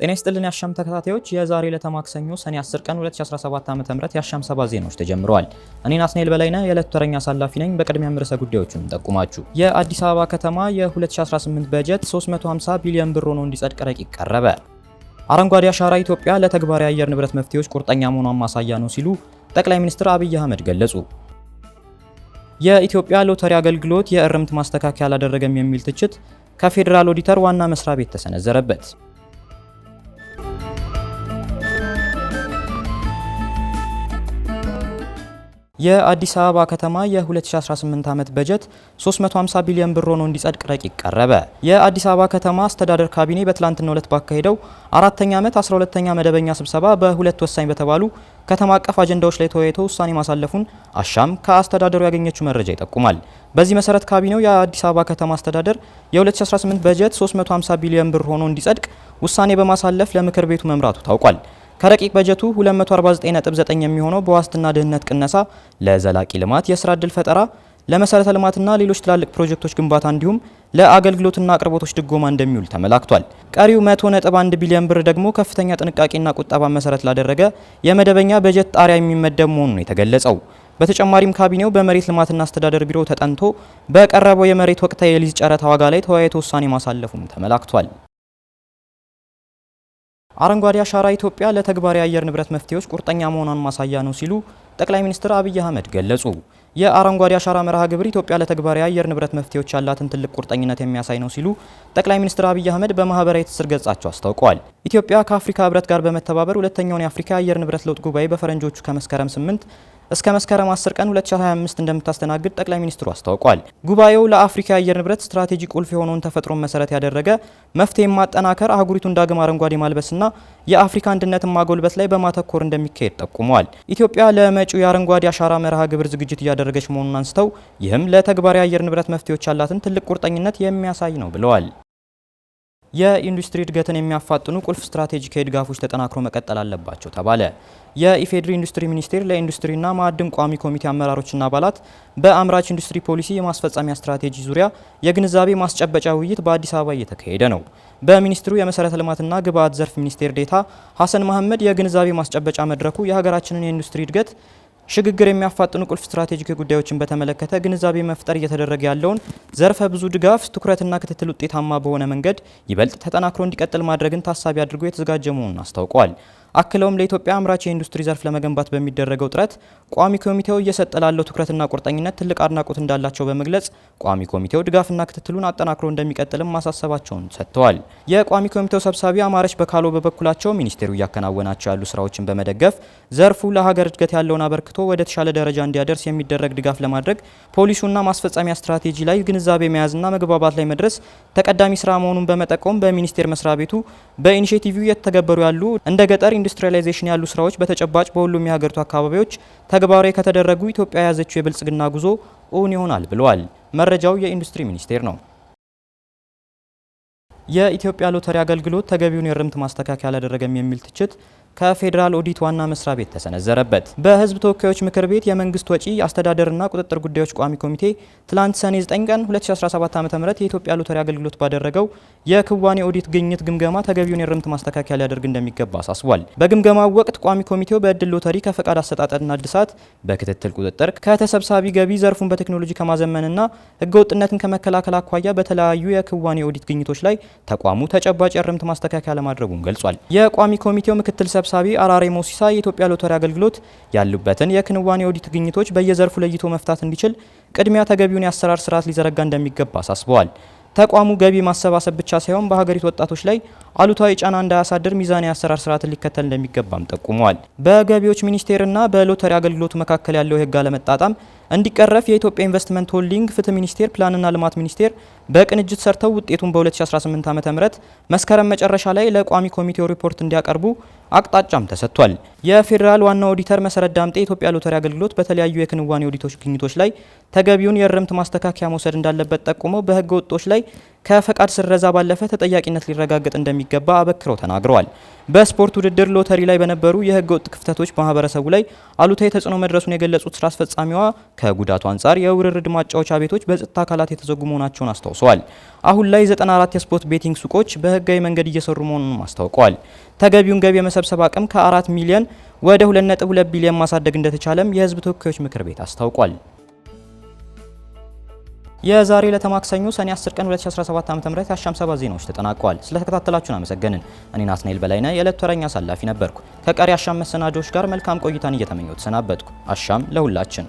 ጤና ይስጥልን የአሻም ተከታታዮች የዛሬ ለተማክሰኞ ሰኔ 10 ቀን 2017 ዓ.ም የአሻም ሰባ ዜናዎች ተጀምረዋል። እኔ አስኔል በላይነ የዕለቱ ተረኛ አሳላፊ ነኝ። በቅድሚያም ርዕሰ ጉዳዮቹን ጠቁማችሁ የአዲስ አበባ ከተማ የ2018 በጀት 350 ቢሊዮን ብር ሆኖ እንዲጸድቅ ረቂቅ ቀረበ። አረንጓዴ አሻራ ኢትዮጵያ ለተግባር አየር ንብረት መፍትሄዎች ቁርጠኛ መሆኗን ማሳያ ነው ሲሉ ጠቅላይ ሚኒስትር አብይ አህመድ ገለጹ። የኢትዮጵያ ሎተሪ አገልግሎት የእርምት ማስተካከያ አላደረገም የሚል ትችት ከፌዴራል ኦዲተር ዋና መስሪያ ቤት ተሰነዘረበት። የአዲስ አበባ ከተማ የ2018 ዓመት በጀት 350 ቢሊዮን ብር ሆኖ እንዲጸድቅ ረቂቅ ቀረበ። የአዲስ አበባ ከተማ አስተዳደር ካቢኔ በትላንትናው ዕለት ባካሄደው አራተኛ ዓመት 12ኛ መደበኛ ስብሰባ በሁለት ወሳኝ በተባሉ ከተማ አቀፍ አጀንዳዎች ላይ ተወያይቶ ውሳኔ ማሳለፉን አሻም ከአስተዳደሩ ያገኘችው መረጃ ይጠቁማል። በዚህ መሰረት ካቢኔው የአዲስ አበባ ከተማ አስተዳደር የ2018 በጀት 350 ቢሊዮን ብር ሆኖ እንዲጸድቅ ውሳኔ በማሳለፍ ለምክር ቤቱ መምራቱ ታውቋል። ከረቂቅ በጀቱ 249.9 የሚሆነው በዋስትና ድህነት ቅነሳ፣ ለዘላቂ ልማት የስራ እድል ፈጠራ፣ ለመሰረተ ልማትና ሌሎች ትላልቅ ፕሮጀክቶች ግንባታ እንዲሁም ለአገልግሎትና አቅርቦቶች ድጎማ እንደሚውል ተመላክቷል። ቀሪው 100.1 ቢሊዮን ብር ደግሞ ከፍተኛ ጥንቃቄና ቁጠባ መሰረት ላደረገ የመደበኛ በጀት ጣሪያ የሚመደብ መሆኑ ነው የተገለጸው። በተጨማሪም ካቢኔው በመሬት ልማትና አስተዳደር ቢሮ ተጠንቶ በቀረበው የመሬት ወቅታዊ የሊዝ ጨረታ ዋጋ ላይ ተወያይቶ ውሳኔ ማሳለፉም ተመላክቷል። አረንጓዴ አሻራ ኢትዮጵያ ለተግባር አየር ንብረት መፍትሄዎች ቁርጠኛ መሆኗን ማሳያ ነው ሲሉ ጠቅላይ ሚኒስትር አብይ አህመድ ገለጹ። የአረንጓዴ አሻራ መርሃ ግብር ኢትዮጵያ ለተግባር አየር ንብረት መፍትሄዎች ያላትን ትልቅ ቁርጠኝነት የሚያሳይ ነው ሲሉ ጠቅላይ ሚኒስትር አብይ አህመድ በማህበራዊ ትስስር ገጻቸው አስታውቀዋል። ኢትዮጵያ ከአፍሪካ ህብረት ጋር በመተባበር ሁለተኛውን የአፍሪካ የአየር ንብረት ለውጥ ጉባኤ በፈረንጆቹ ከመስከረም 8 እስከ መስከረም 10 ቀን 2025 እንደምታስተናግድ ጠቅላይ ሚኒስትሩ አስታውቋል። ጉባኤው ለአፍሪካ የአየር ንብረት ስትራቴጂ ቁልፍ የሆነውን ተፈጥሮን መሰረት ያደረገ መፍትሄ ማጠናከር፣ አህጉሪቱን ዳግም አረንጓዴ ማልበስና የአፍሪካ አንድነትን ማጎልበት ላይ በማተኮር እንደሚካሄድ ጠቁመዋል። ኢትዮጵያ ለመጪው የአረንጓዴ አሻራ መርሃ ግብር ዝግጅት እያደረገች መሆኑን አንስተው ይህም ለተግባራዊ የአየር ንብረት መፍትሄዎች ያላትን ትልቅ ቁርጠኝነት የሚያሳይ ነው ብለዋል። የኢንዱስትሪ እድገትን የሚያፋጥኑ ቁልፍ ስትራቴጂካዊ ድጋፎች ተጠናክሮ መቀጠል አለባቸው ተባለ። የኢፌዴሪ ኢንዱስትሪ ሚኒስቴር ለኢንዱስትሪና ማዕድን ቋሚ ኮሚቴ አመራሮችና አባላት በአምራች ኢንዱስትሪ ፖሊሲ የማስፈጸሚያ ስትራቴጂ ዙሪያ የግንዛቤ ማስጨበጫ ውይይት በአዲስ አበባ እየተካሄደ ነው። በሚኒስትሩ የመሰረተ ልማትና ግብዓት ዘርፍ ሚኒስቴር ዴታ ሀሰን መሐመድ የግንዛቤ ማስጨበጫ መድረኩ የሀገራችንን የኢንዱስትሪ እድገት ሽግግር የሚያፋጥኑ ቁልፍ ስትራቴጂካዊ ጉዳዮችን በተመለከተ ግንዛቤ መፍጠር እየተደረገ ያለውን ዘርፈ ብዙ ድጋፍ፣ ትኩረትና ክትትል ውጤታማ በሆነ መንገድ ይበልጥ ተጠናክሮ እንዲቀጥል ማድረግን ታሳቢ አድርጎ የተዘጋጀ መሆኑን አስታውቋል። አክለውም ለኢትዮጵያ አምራች የኢንዱስትሪ ዘርፍ ለመገንባት በሚደረገው ጥረት ቋሚ ኮሚቴው እየሰጠ ላለው ትኩረትና ቁርጠኝነት ትልቅ አድናቆት እንዳላቸው በመግለጽ ቋሚ ኮሚቴው ድጋፍና ክትትሉን አጠናክሮ እንደሚቀጥልም ማሳሰባቸውን ሰጥተዋል። የቋሚ ኮሚቴው ሰብሳቢ አማረች በካሎ በበኩላቸው ሚኒስቴሩ እያከናወናቸው ያሉ ስራዎችን በመደገፍ ዘርፉ ለሀገር እድገት ያለውን አበርክቶ ወደ ተሻለ ደረጃ እንዲያደርስ የሚደረግ ድጋፍ ለማድረግ ፖሊሱና ማስፈጸሚያ ስትራቴጂ ላይ ግንዛቤ መያዝና መግባባት ላይ መድረስ ተቀዳሚ ስራ መሆኑን በመጠቆም በሚኒስቴር መስሪያ ቤቱ በኢኒሽቲቭ እየተተገበሩ ያሉ እንደ ገጠር ኢንዱስትሪያላይዜሽን ያሉ ስራዎች በተጨባጭ በሁሉም የሀገሪቱ አካባቢዎች ተግባራዊ ከተደረጉ ኢትዮጵያ የያዘችው የብልጽግና ጉዞ እውን ይሆናል ብለዋል። መረጃው የኢንዱስትሪ ሚኒስቴር ነው። የኢትዮጵያ ሎተሪ አገልግሎት ተገቢውን የእርምት ማስተካከያ አላደረገም የሚል ትችት ከፌዴራል ኦዲት ዋና መስሪያ ቤት ተሰነዘረበት። በህዝብ ተወካዮች ምክር ቤት የመንግስት ወጪ አስተዳደርና ቁጥጥር ጉዳዮች ቋሚ ኮሚቴ ትላንት ሰኔ 9 ቀን 2017 ዓ.ም የኢትዮጵያ ሎተሪ አገልግሎት ባደረገው የክዋኔ ኦዲት ግኝት ግምገማ ተገቢውን የርምት ማስተካከያ ሊያደርግ እንደሚገባ አሳስቧል። በግምገማው ወቅት ቋሚ ኮሚቴው በእድል ሎተሪ ከፈቃድ አሰጣጠርና እድሳት በክትትል ቁጥጥር፣ ከተሰብሳቢ ገቢ፣ ዘርፉን በቴክኖሎጂ ከማዘመንና ህገወጥነትን ከመከላከል አኳያ በተለያዩ የክዋኔ ኦዲት ግኝቶች ላይ ተቋሙ ተጨባጭ የርምት ማስተካከያ ለማድረጉን ገልጿል። የቋሚ ኮሚቴው ምክትል ሰብሳቢ አራሬ ሞሲሳ የኢትዮጵያ ሎተሪ አገልግሎት ያሉበትን የክንዋኔ ኦዲት ግኝቶች በየዘርፉ ለይቶ መፍታት እንዲችል ቅድሚያ ተገቢውን የአሰራር ስርዓት ሊዘረጋ እንደሚገባ አሳስበዋል። ተቋሙ ገቢ ማሰባሰብ ብቻ ሳይሆን በሀገሪቱ ወጣቶች ላይ አሉታዊ ጫና እንዳያሳድር ሚዛናዊ አሰራር ስርዓትን ሊከተል እንደሚገባም ጠቁመዋል። በገቢዎች ሚኒስቴርና በሎተሪ አገልግሎት መካከል ያለው የህግ አለመጣጣም እንዲቀረፍ የኢትዮጵያ ኢንቨስትመንት ሆልዲንግ፣ ፍትህ ሚኒስቴር፣ ፕላንና ልማት ሚኒስቴር በቅንጅት ሰርተው ውጤቱን በ2018 ዓ ም መስከረም መጨረሻ ላይ ለቋሚ ኮሚቴው ሪፖርት እንዲያቀርቡ አቅጣጫም ተሰጥቷል። የፌዴራል ዋና ኦዲተር መሰረት ዳምጤ የኢትዮጵያ ሎተሪ አገልግሎት በተለያዩ የክንዋኔ ኦዲቶች ግኝቶች ላይ ተገቢውን የእርምት ማስተካከያ መውሰድ እንዳለበት ጠቁመው በህገ ወጦች ላይ ከፈቃድ ስረዛ ባለፈ ተጠያቂነት ሊረጋገጥ እንደሚገባ አበክረው ተናግረዋል። በስፖርት ውድድር ሎተሪ ላይ በነበሩ የህገ ወጥ ክፍተቶች ማህበረሰቡ ላይ አሉታዊ ተጽዕኖ መድረሱን የገለጹት ስራ አስፈጻሚዋ ከጉዳቱ አንጻር የውርርድ ማጫወቻ ቤቶች በጸጥታ አካላት የተዘጉ መሆናቸውን አስታውሰዋል። አሁን ላይ 94 የስፖርት ቤቲንግ ሱቆች በህጋዊ መንገድ እየሰሩ መሆኑንም አስታውቀዋል። ተገቢውን ገቢ የመሰብሰብ አቅም ከ4 ሚሊዮን ወደ 2.2 ቢሊዮን ማሳደግ እንደተቻለም የህዝብ ተወካዮች ምክር ቤት አስታውቋል። የዛሬ ለተማክሰኞ ሰኔ 10 ቀን 2017 ዓ.ም የአሻም ሰባት ዜናዎች ተጠናቀዋል። ስለተከታተላችሁን አመሰገንን። እኔ ናትናኤል በላይነ የዕለቱ ተረኛ አሳላፊ ነበርኩ። ከቀሪ አሻም መሰናዶዎች ጋር መልካም ቆይታን እየተመኘው ተሰናበትኩ። አሻም ለሁላችን!